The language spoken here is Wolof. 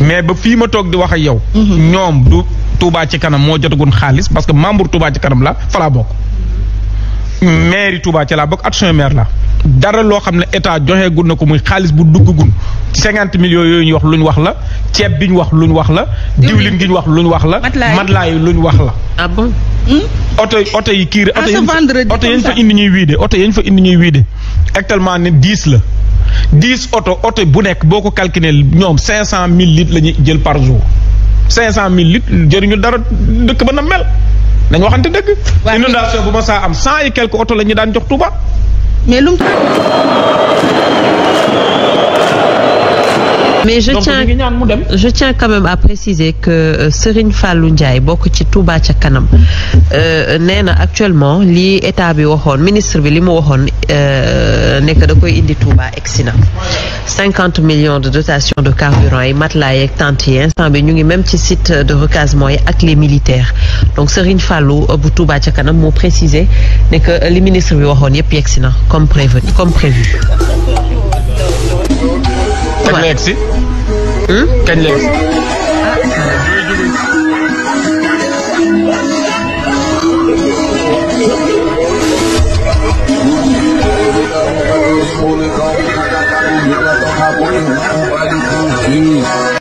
mais ba fii ma toog di wax ak yow. Mhm. ñoom du Touba ci kanam moo jotagun xaalis parce que membre Touba ci kanam la fa laa bokk. maire Touba ci laa bokk at maire la dara loo xam ne état joxe gun na ko muy xaalis bu dugg gun cinquante millions yooyu ñu wax luñ wax la ceeb bi ñu wax luñ wax la. diwlin gi ñu wax luñ wax la. matelas yi luñ wax la. ah bon. Hmm? oto oto yi kiir ah, oto yi fa indi ñuy wiide oto yi fa indi ñuy wiide actuellement ne dix la. dix oto oto bu nekk boo ko calculé ñoom cinq cent mille litres la ñuy jël par jour cinq cent mille litres jëriñu dara dëkk ba na mel nañ waxante dëgg inondation bu ma saa am cent et quelques oto la ñu daan jox Touba mais lu mais je donc, tiens je tiens quand même à préciser que euh, Serigne fàllu Ndiaye bokk ci Touba ca kanam euh, nee na actuellement li état bi waxoon ministre bi li mu waxoon euh, nekk da koy indi Touba egsi na cinquante millions de dotation de carburant yi matelas yeeg tentes yi instant bi ñu ngi même ci site de recasement yi ak les donc Serigne fàllu bu Touba ca kanam mu préciser ne que li ministre bi waxoon yëpp yegsi na comme prévu comme prévu egg si. Hmm? kañ la egg si. ah.